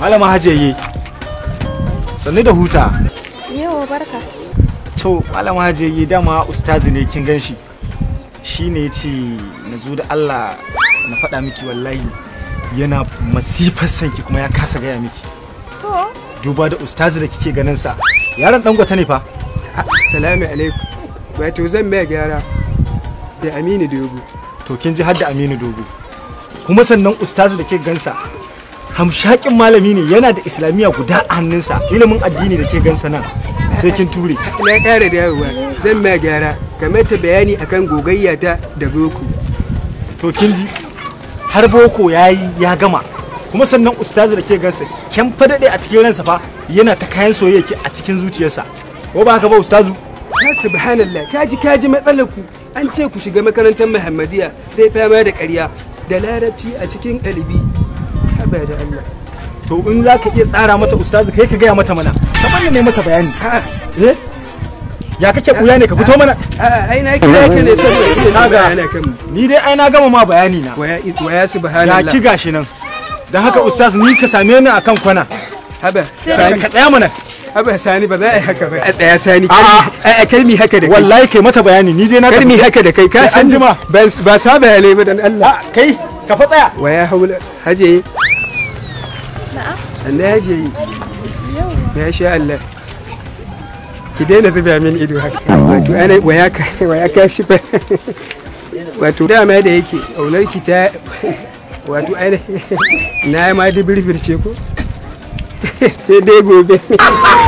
malama ye sannu da huta yawa barka to malama hajiyaye dama ustazi ne kin ganshi shi ne ce na zo da allah na faɗa miki wallahi yana masifar sanki kuma ya kasa gaya miki to duba da ustazi da kike ganin sa yaron dangwata ne fa ah, assalamu alaikum wato zan mai gyara da aminu dogo to kin ji har da aminu dogo kuma sannan ustazi da kike gansa hamshakin malami ne yana da islamiyya guda a hannunsa ilimin addini da ke gansa nan sai kin ture na ƙara dawowa zan ma gyara kamar ta bayani akan gogayya ta da boko to kin ji har boko yayi ya gama kuma sannan ustazu da ke gansa kyan fadade a cikin ransa fa yana ta kayan soyayya a cikin zuciyarsa ko ba haka ba ustazu ya subhanallah kaji kaji matsalar ku an ce ku shiga makarantar muhammadiya sai fama da ƙarya da larabci a cikin ɗalibi haba da Allah to in za ka iya tsara mata ustazi kai ka gaya mata mana kamar ne mata bayani eh ya kake kuya ne ka fito mana ai na kira ka ne saboda kike da bayani kan ni dai ai na gama ma bayani na waya waya subhanallah ya ki gashi nan dan haka ustaz ni ka same ni akan kwana haba sani ka tsaya mana haba sani ba za a yi haka ba a tsaya sani a a kalmi haka da kai wallahi kai mata bayani ni dai na kalmi haka da kai ka san jima ba sa bayanai ba dan Allah ah, kai ka fa tsaya waya haula haje sannan ya je yi ya sha Allah ki daina zuba min ido haka wato ana kai shi fa wato dama da yake aunar ki ta wato ainihin na ma dubirfirce ko sai dai gobe